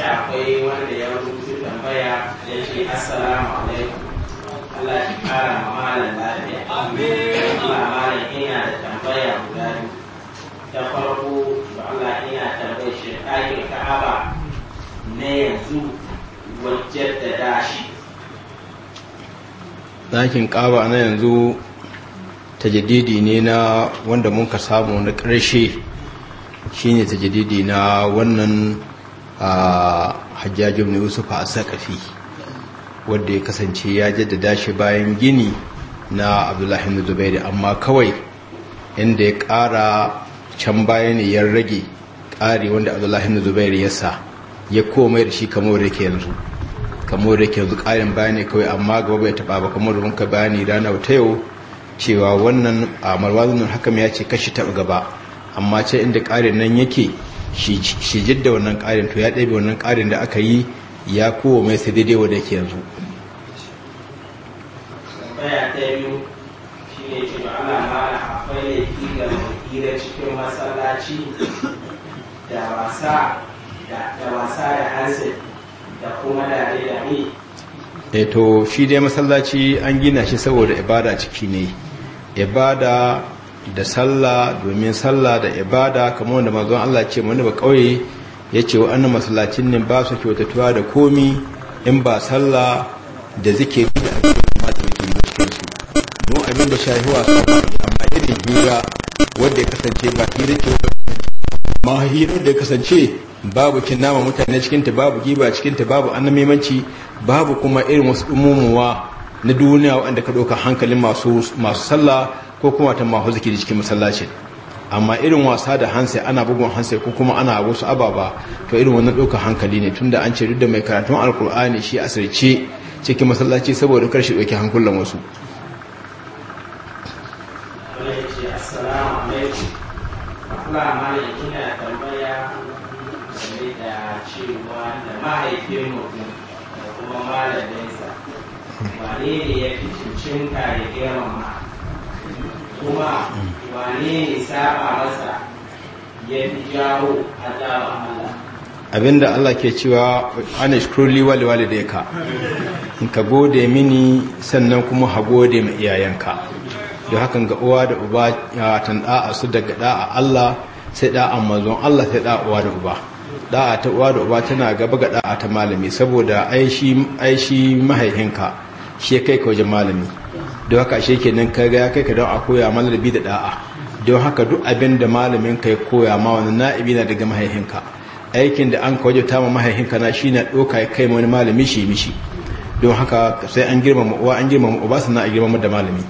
ce akwai wanda ya rubuta tambaya ya ce assalamu alaikum Allah ya kara ma malam lafiya amin malam ina da tambaya guda biyu ta farko ba Allah ina tambayar shi ka Ka'aba na yanzu wajen da dashi ɗakin kaba na yanzu tajadidi ne na wanda mun ka samu na ƙarshe shine tajadidi na wannan a hajjajin na yusufa a saƙafi wadda ya kasance ya jaddada shi bayan gini na abdullahi na zubairu amma kawai inda ya ƙara can baya ne ya rage ƙari wanda abdullahi na zubairu ya sa ya komai da shi kamar da ke yanzu kamar da ke yanzu ƙarin baya ne kawai amma gaba bai taɓa ba kamar da muka bayani rana ta yau cewa wannan a marwazunan hakam ya ce kashi taɓa gaba amma ce inda ƙarin nan yake shi jidda wannan ƙarin to ya ɗabe wannan ƙarin da aka yi ya kowa mai sai daidai wadda ke yanzu cikin masallaci da wasa da da kuma da e to shi dai masallaci an gina shi saboda ibada ciki ne ibada da sallah domin sallah da ibada kamar wanda manzon Allah ce wani ba kauye yace wa'annan masallacin nan ba su kyautatuwa da komi in ba sallah da zikiri da ake mata mutum da cikin su don abin da shahiwa su amma irin hira wanda ya kasance ba hira ce ma hira da kasance babu kin nama mutane cikin ta babu giba cikin ta babu annamimanci babu kuma irin wasu umumuwa na duniya wanda ka doka hankalin masu sallah ko kuma ta mahu zikiri cikin masallaci amma irin wasa da hansa ana bugun hansa ko kuma ana wasu ababa to irin wannan ɗauka hankali ne tunda an ce duk da mai karatun alkur'ani shi asirce cikin masallaci saboda kar shi ɗauki hankulan wasu mahaifin ne ya fi cincin cinta da girmama kuma wane ne saba masa ya fi jawo azaba Allah abinda Allah ke cewa ana shkurli wali wali da ka in ka gode mini sannan kuma ha gode ma iyayenka da hakan ga uwa da uba tan da'a su daga da'a Allah sai da'a mazon Allah sai da'a uwa da uba da'a ta uwa da uba tana gaba ga da'a ta malami saboda aishi shi mahaihinka shi kai ka wajen malami don haka ashe nan ka ga kai ka don a koya mana rabi da da'a don haka duk abin da malamin ka ya koya ma wani na'ibi na daga mahaihinka aikin da an kawo ta ma mahaihinka na shi na ɗoka ya kai wani malami shi mishi don haka sai an girmama uwa an girmama uba sannan a girmama da malami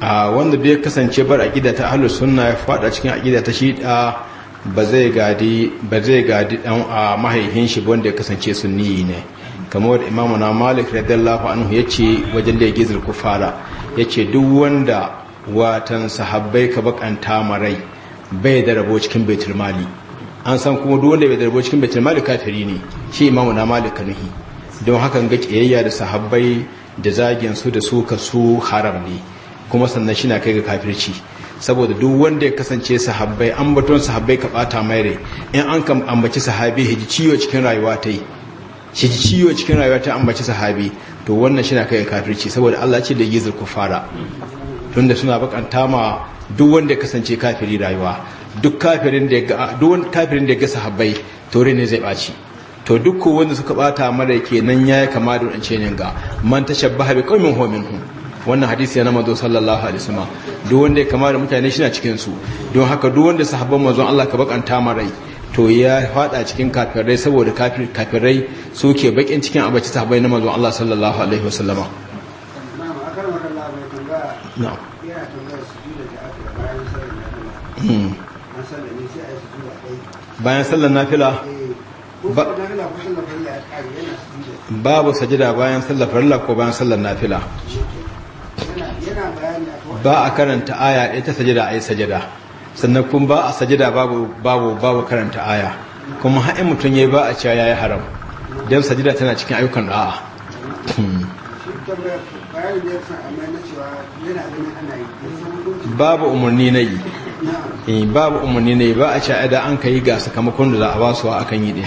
a wanda bai kasance bar aqida ta ahlus sunna ya fada cikin aqida ta shi'a ba zai gadi ba zai gadi dan mahaihin shi wanda ya kasance sunni ne kamar imamu na malik radiyallahu anhu yace wajen da ya gizir kufara yace duk wanda watan sahabbai ka bakanta marai bai da rabo cikin baitul mali an san kuma duk wanda bai da rabo cikin baitul mali kafiri ne shi imamu na malik kanuhi don hakan ga kiyayya da sahabbai da zagin su da suka su haram ne kuma sannan shi na kai ga kafirci saboda duk wanda ya kasance sahabbai baton sahabbai ka bata mai rai in an kan ambaci sahabi hiji ciwo cikin rayuwa ta yi shi ciwo cikin rayuwa ta ambaci sahabi to wannan shi na kai ga kafirci saboda Allah ce da yizul kufara tunda suna bakanta ma duk wanda ya kasance kafiri rayuwa duk kafirin da ga duk wanda kafirin da ga sahabbai to ne zai baci to duk wanda suka bata mara kenan yayi kama da wancan ga man tashabbaha bi qaumin hu minhum wannan hadisi yana mazo sallallahu alaihi wasallam duk wanda kama da mutane shi na cikin su don haka duk wanda sahabban manzon Allah ka bakanta marai to ya fada cikin kafirai saboda kafirai suke bakin cikin abaci sahabbai na manzon Allah sallallahu alaihi wasallama hmm. bayan sallar nafila babu sajida bayan sallar farilla ko bayan sallar nafila ba a karanta aya ɗaya ta sajada a yi sajada sannan kun ba a sajada babu babu babu karanta aya kuma ha'in mutum ya ba a cewa ya yi haram don sajada tana cikin ayyukan da'a babu umarni na yi eh, babu umarni na yi ba a cewa idan an ka yi ga sakamakon da za a ba su a kan yi ɗin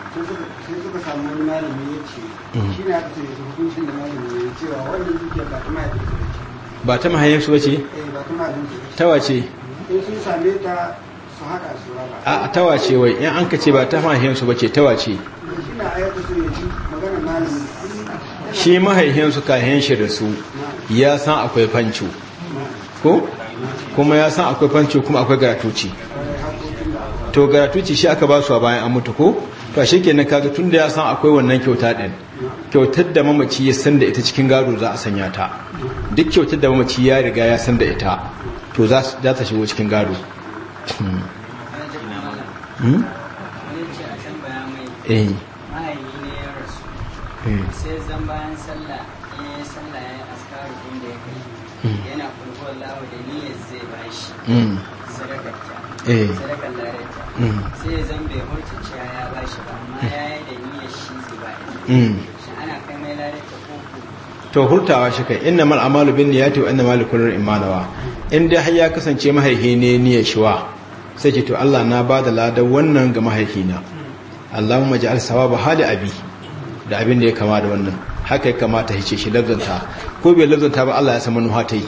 samu wani malami ya ba ta mahaifinsu ba ce ba ta mahaifinsu eh, ba ce ta sun same ta su haɗa su raba a ta wace wai in an ka ce ba ta mahaifinsu ba ce ta wace shi mahaifinsu kahin shi da su ya san akwai fanci ko kuma ya san akwai fanci kuma akwai garatuci to garatuci shi aka ba su a bayan an mutu ko to shi kenan kaga tun da ya san akwai wannan kyauta ɗin kyautar da mamaci ya san da ita cikin gado za a sanya ta duk kyautar da mamaci ya riga ya san da ita to za ta shigo cikin gado hmm? Hmm? eh, eh. Hmm. sai zan ya sallah ya kai yana zai ta eh. sai zan bai hurta cewa ya ba shi ba amma ya yi da niyyar shi zuba shi mm. ana kai mai lalata koko to hurtawa shi kai inna mal amalu bin niyyati wa inna mal kullu imanawa in dai har ya kasance mahaihi ne niyyar shi wa sai ce to Allah na ba da ladan wannan ga na. Allahumma ja'al sawaba hali abi da abin da ya kama da wannan haka ya kamata ya ce shi labzanta ko bai labzanta ba Allah ya san manuha ta yi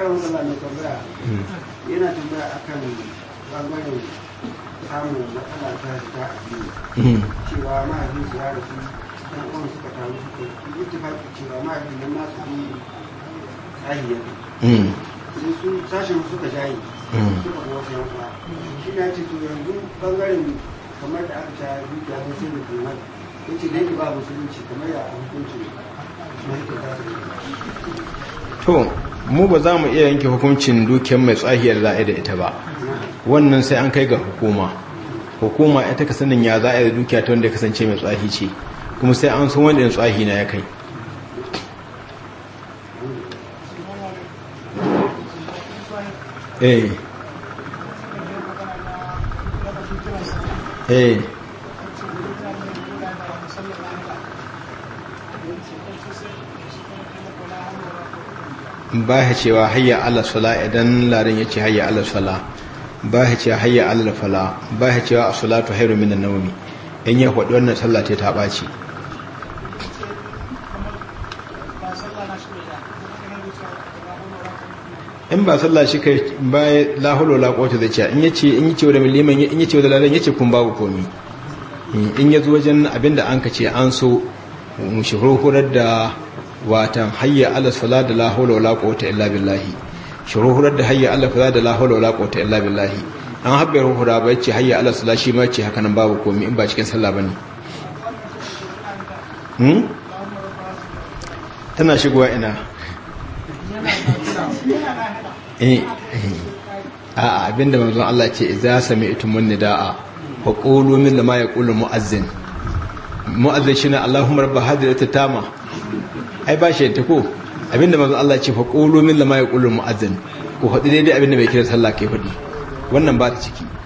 akan wannan na tambaya hmm. yana tambaya akan bangaren samun matsala ta ta addini hmm. cewa mahaifin su ya rasu dan uwan suka taru suka yi ittifaqi cewa mahaifin nan na su yi tsahiyar hmm. sai su sashen suka jaye suka ga wasu yankuwa shi na ce to yanzu bangaren kamar da aka ta dukiya ta sai da kimar ya ce dan ba musulunci kamar ya hukunci mahaifin ta su to mu ba za mu iya yanke hukuncin dukiyar mai tsahiyar za'a da ita ba wannan sai an kai ga hukuma hukuma ita ka sanin ya za'a da dukiya ta wanda ya kasance mai tsahi ce kuma sai an san wanda tsahi na ya kai eh eh ba ya cewa hayya ala sala idan larin ya ce hayya ala sala ba ya cewa hayya ala fala ba ya cewa a ta hairu minan naumi in ya faɗi wannan sallah ta ɓaci in ba sallah shi kai baya lahulo laƙota da ciya in ya ce in yi cewa da miliman in yi cewa da larin ya ce kun babu komi in ya zo wajen abinda an ka ce an so mu shi horar da watan hayya ala sula da lahola hawla wala quwwata illa billahi shuruhurar da hayya ala sula da lahola hawla wala quwwata illa billahi an habbe da bai yace hayya ala sula shi ma yace haka nan babu komai in ba cikin sallah bane hmm tana shigowa ina eh, eh. a abinda manzon Allah ce idza sami'tum nidaa fa qulu min ma yaqulu mu'azzin mu'azzin shine Allahumma rabb hadhihi tama ai ba shi ta ko abinda manzo Allah ce fa qulu min lama yaqulu mu'azzin ku faɗi daidai abinda mai kira sallah kai faɗi wannan ba ta ciki